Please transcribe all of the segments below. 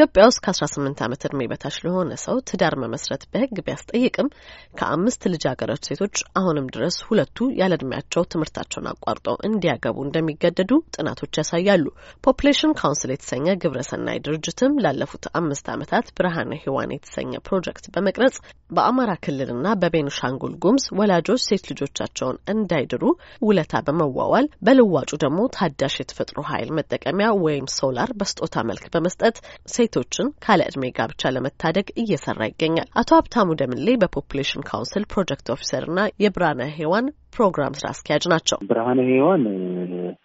ኢትዮጵያ ውስጥ ከአስራ ስምንት ዓመት እድሜ በታች ለሆነ ሰው ትዳር መመስረት በሕግ ቢያስጠይቅም ከአምስት ልጃገረድ ሴቶች አሁንም ድረስ ሁለቱ ያለ እድሜያቸው ትምህርታቸውን አቋርጠው እንዲያገቡ እንደሚገደዱ ጥናቶች ያሳያሉ። ፖፕሌሽን ካውንስል የተሰኘ ግብረሰናይ ድርጅትም ላለፉት አምስት ዓመታት ብርሃነ ሔዋን የተሰኘ ፕሮጀክት በመቅረጽ በአማራ ክልልና በቤኒሻንጉል ጉምዝ ወላጆች ሴት ልጆቻቸውን እንዳይድሩ ውለታ በመዋዋል በልዋጩ ደግሞ ታዳሽ የተፈጥሮ ኃይል መጠቀሚያ ወይም ሶላር በስጦታ መልክ በመስጠት ሴት ሴቶችን ካለ እድሜ ጋብቻ ለመታደግ እየሰራ ይገኛል። አቶ ሀብታሙ ደምሌ በፖፑሌሽን ካውንስል ፕሮጀክት ኦፊሰርና የብርሃነ ሄዋን ፕሮግራም ስራ አስኪያጅ ናቸው። ብርሃነ ሔዋን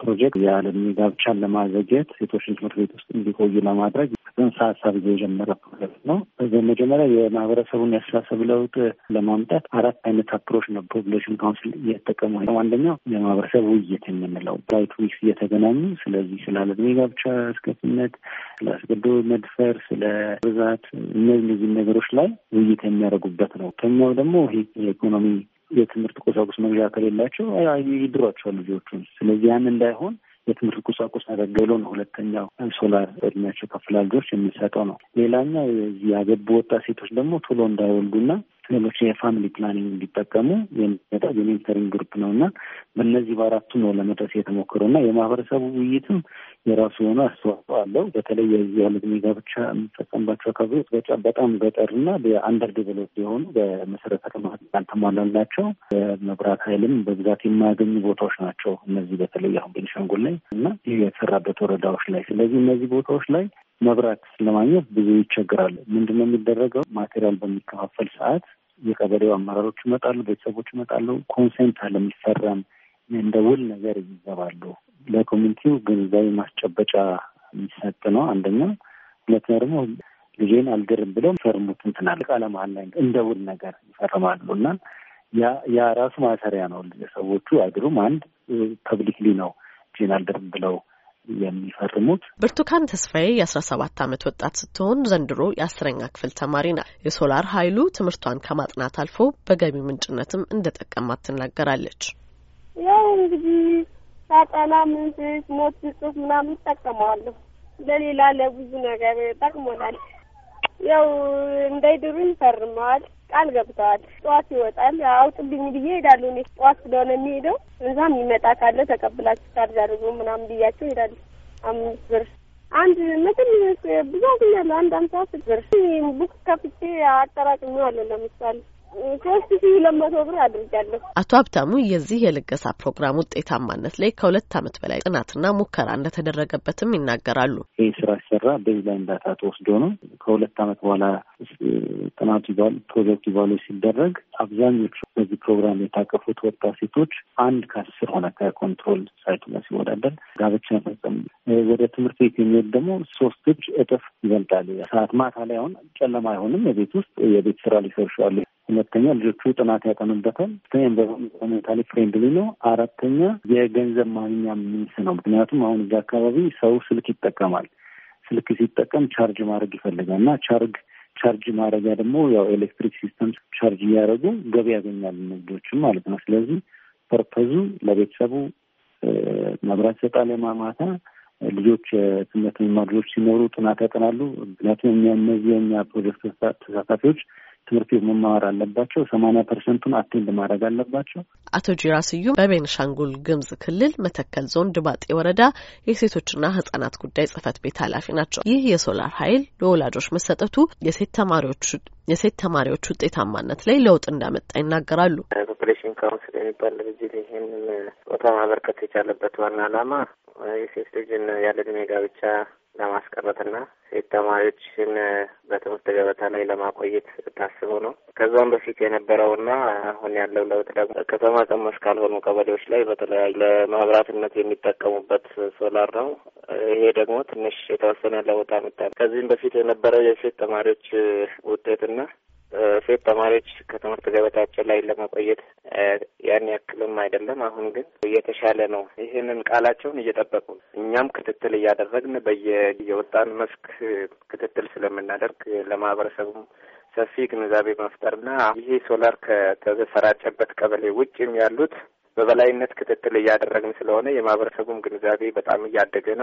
ፕሮጀክት ያለ እድሜ ጋብቻን ለማዘግየት ሴቶችን ትምህርት ቤት ውስጥ እንዲቆዩ ለማድረግ ጽንሰ ሀሳብ የጀመረ ፕሮጀክት ነው። በመጀመሪያ የማህበረሰቡን ያስተሳሰብ ለውጥ ለማምጣት አራት አይነት አፕሮች ነው ፖፕሌሽን ካውንስል እየተጠቀሙ አንደኛው የማህበረሰብ ውይይት የምንለው ራይት ዊክስ እየተገናኙ ስለዚህ ስለ አለዕድሜ ጋብቻ አስከፊነት፣ ስለ አስገዶ መድፈር፣ ስለ ብዛት እነዚህ ነገሮች ላይ ውይይት የሚያደርጉበት ነው። ከኛው ደግሞ የኢኮኖሚ የትምህርት ቁሳቁስ መግዣ ከሌላቸው ይድሯቸዋል ልጆቹን። ስለዚህ ያን እንዳይሆን የትምህርት ቁሳቁስ አገልግሎ ነው። ሁለተኛው ሶላር እድሜያቸው ከፍ ልጆች የሚሰጠው ነው። ሌላኛው የዚህ ያገቡ ወጣት ሴቶች ደግሞ ቶሎ እንዳይወልዱና ሌሎች የፋሚሊ ፕላኒንግ እንዲጠቀሙ የሚመጣው የሜንተሪንግ ግሩፕ ነው እና በእነዚህ በአራቱ ነው ለመድረስ የተሞክረው እና የማህበረሰቡ ውይይትም የራሱ የሆነ አስተዋጽኦ አለው። በተለይ የዚህ ያሉት ሜጋብቻ የሚፈጸምባቸው አካባቢዎች በጫ በጣም ገጠርና በአንደር ዴቨሎፕ የሆኑ በመሰረተ ልማት ያልተሟላላቸው መብራት ኃይልም በብዛት የማያገኙ ቦታዎች ናቸው። እነዚህ በተለይ አሁን ቤንሻንጉል ላይ እና ይህ የተሰራበት ወረዳዎች ላይ ስለዚህ እነዚህ ቦታዎች ላይ መብራት ለማግኘት ብዙ ይቸግራሉ። ምንድን ነው የሚደረገው? ማቴሪያል በሚከፋፈል ሰዓት የቀበሌው አመራሮች ይመጣሉ፣ ቤተሰቦች ይመጣሉ። ኮንሴንት አለሚፈረም እንደ ውል ነገር ይዘባሉ። ለኮሚኒቲው ግንዛቤ ማስጨበጫ የሚሰጥ ነው አንደኛ። ሁለተኛ ደግሞ ልጄን አልድርም ብለው ፈርሙት እንትናል ቃለ መሀል ላይ እንደ ውል ነገር ይፈርማሉ እና ያ ራሱ ማሰሪያ ነው። ሰዎቹ አድሩም አንድ ፐብሊክሊ ነው ልጄን አልድርም ብለው የሚፈርሙት። ብርቱካን ተስፋዬ የአስራ ሰባት ዓመት ወጣት ስትሆን ዘንድሮ የአስረኛ ክፍል ተማሪ ናት። የሶላር ኃይሉ ትምህርቷን ከማጥናት አልፎ በገቢ ምንጭነትም እንደጠቀማት ትናገራለች። ያው እንግዲህ ሳጠና ምን ኖት ጽሁፍ ምናምን እጠቀመዋለሁ። ለሌላ ለብዙ ነገር ጠቅሞናል። ያው እንዳይድሩ ይፈርመዋል ቃል ገብተዋል። ጠዋት ይወጣል አውጥልኝ ብዬ ሄዳሉ። እኔ ጠዋት ስለሆነ የሚሄደው እዛም ይመጣ ካለ ተቀብላችሁ ቻርጅ አድርጉ ምናምን ብያቸው ይሄዳሉ። አምስት ብር አንድ መትን ብዙ አገኛለሁ። አንድ አምሳ ብር ቡክ ከፍቼ አጠራቅሜዋለሁ ለምሳሌ ሶስት ሺህ ሁለት መቶ ብር አድርጃለሁ። አቶ ሀብታሙ የዚህ የልገሳ ፕሮግራም ውጤታማነት ላይ ከሁለት ዓመት በላይ ጥናትና ሙከራ እንደተደረገበትም ይናገራሉ። ይህ ስራ ሲሰራ ቤዝ ላይ እንዳታ ተወስዶ ነው። ከሁለት ዓመት በኋላ ጥናቱ ይባል ፕሮጀክት ይባሉ ሲደረግ አብዛኞቹ በዚህ ፕሮግራም የታቀፉት ወጣት ሴቶች አንድ ከአስር ሆነ ከኮንትሮል ሳይቱ ጋር ሲወዳደር ጋብቻ መፈጸም ወደ ትምህርት ቤት የሚሄድ ደግሞ ሶስት እጅ እጥፍ ይበልጣል። ሰዓት ማታ ላይ አሁን ጨለማ አይሆንም። የቤት ውስጥ የቤት ስራ ሊሰሩ ይችላሉ። ሁለተኛ ልጆቹ ጥናት ያጠኑበታል። ኢንቫይሮንመንታ ፍሬንድሊ ነው። አራተኛ የገንዘብ ማግኛ ሚንስ ነው። ምክንያቱም አሁን እዚህ አካባቢ ሰው ስልክ ይጠቀማል። ስልክ ሲጠቀም ቻርጅ ማድረግ ይፈልጋል እና ቻርግ ቻርጅ ማድረጊያ ደግሞ ያው ኤሌክትሪክ ሲስተም ቻርጅ እያደረጉ ገቢ ያገኛሉ ንግዶችም ማለት ነው። ስለዚህ ፐርፐዙ ለቤተሰቡ መብራት ይሰጣል። የማማታ ልጆች ትምህርት መማር ልጆች ሲኖሩ ጥናት ያጠናሉ። ምክንያቱም እነዚህ የኛ ፕሮጀክት ተሳታፊዎች ትምህርት ቤት መማር አለባቸው። ሰማኒያ ፐርሰንቱን አቴንድ ማድረግ አለባቸው። አቶ ጂራ ስዩም በቤንሻንጉል ግምዝ ክልል መተከል ዞን ድባጤ ወረዳ የሴቶችና ህጻናት ጉዳይ ጽህፈት ቤት ኃላፊ ናቸው። ይህ የሶላር ኃይል ለወላጆች መሰጠቱ የሴት ተማሪዎች የሴት ተማሪዎች ውጤታማነት ላይ ለውጥ እንዳመጣ ይናገራሉ። ፖፑሌሽን ካውንስል የሚባል ድርጅት ይህንን ቦታ ማበርከት የቻለበት ዋና አላማ የሴት ልጅን ያለ ዕድሜ ጋብቻ ለማስቀረትና ሴት ተማሪዎችን በትምህርት ገበታ ላይ ለማቆየት ታስቦ ነው። ከዛም በፊት የነበረውና አሁን ያለው ለውጥ ደግሞ ከተማ ቀመስ ካልሆኑ ቀበሌዎች ላይ በተለያዩ ለመብራትነት የሚጠቀሙበት ሶላር ነው። ይሄ ደግሞ ትንሽ የተወሰነ ለውጥ አመጣ። ከዚህም በፊት የነበረው የሴት ተማሪዎች ውጤትና ሴት ተማሪዎች ከትምህርት ገበታቸው ላይ ለመቆየት ያን ያክልም አይደለም። አሁን ግን እየተሻለ ነው። ይህንን ቃላቸውን እየጠበቁ እኛም ክትትል እያደረግን በየወጣን መስክ ክትትል ስለምናደርግ ለማህበረሰቡም ሰፊ ግንዛቤ መፍጠርና ይሄ ሶላር ከተሰራጨበት ቀበሌ ውጭም ያሉት በበላይነት ክትትል እያደረግን ስለሆነ የማህበረሰቡም ግንዛቤ በጣም እያደገ ነው።